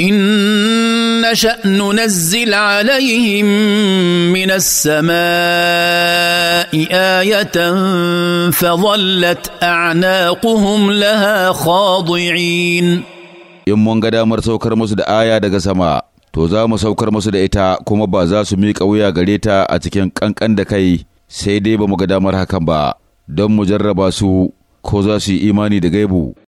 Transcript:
إن نشأ ننزل عليهم من السماء آية فظلت أعناقهم لها خاضعين in mun ga damar saukar musu da aya daga sama to za mu saukar musu da ita kuma ba za su miƙa wuya gare ta a cikin ƙanƙan da kai sai dai ba mu ga damar hakan ba don mu jarraba su ko za su yi imani da gaibu